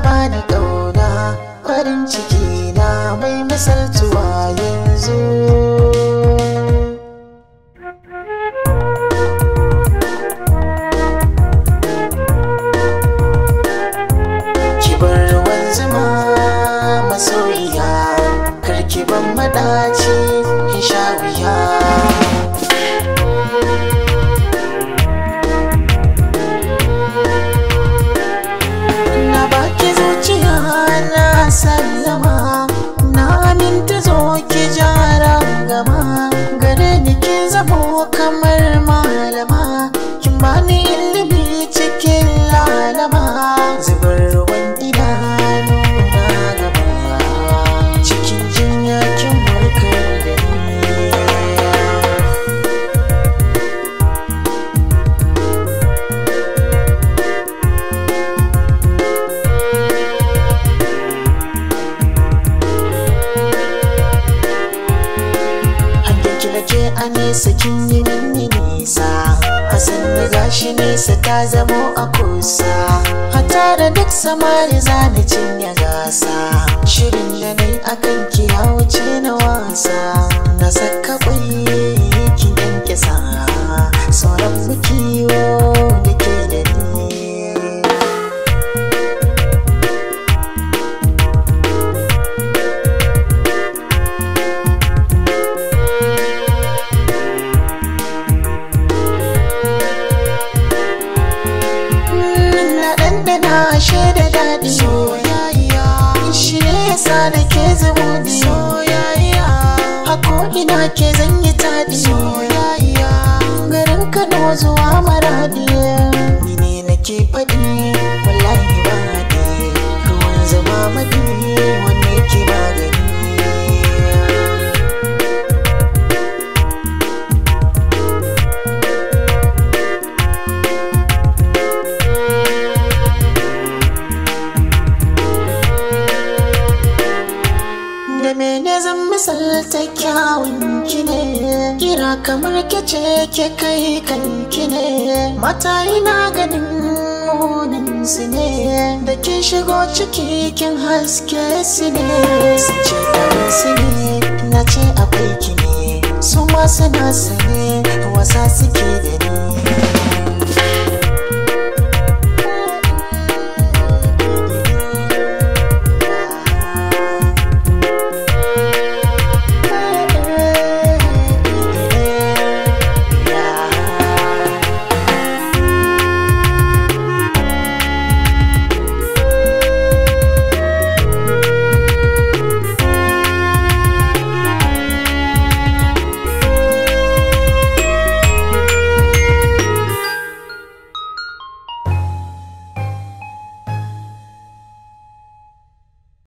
bani ƙauna farin ciki na mai misaltuwa yanzu sana sallama na minta zo ki jara gama gare ni ki zamo kamar nesa kin yi nan yi nisa a sanya gashi nesa ta zamo a kusa hata da duk samari za ni cinye gasa shirin da ni akan shi da daɗi soyayya shi ne yasa dake ke zubuɗi soyayya a ko'ina ke zan yi taɗi soyayya garin kano zuwa maraɗi ni ne faɗi da mene zan misalta kyawun ne kira kamar kece ke kai kan ne mata ina ganin munin ne da ke shigo ciki kin haske su ne su ce su ne na ce akwai ki ne su ma suna ne wasa suke da ni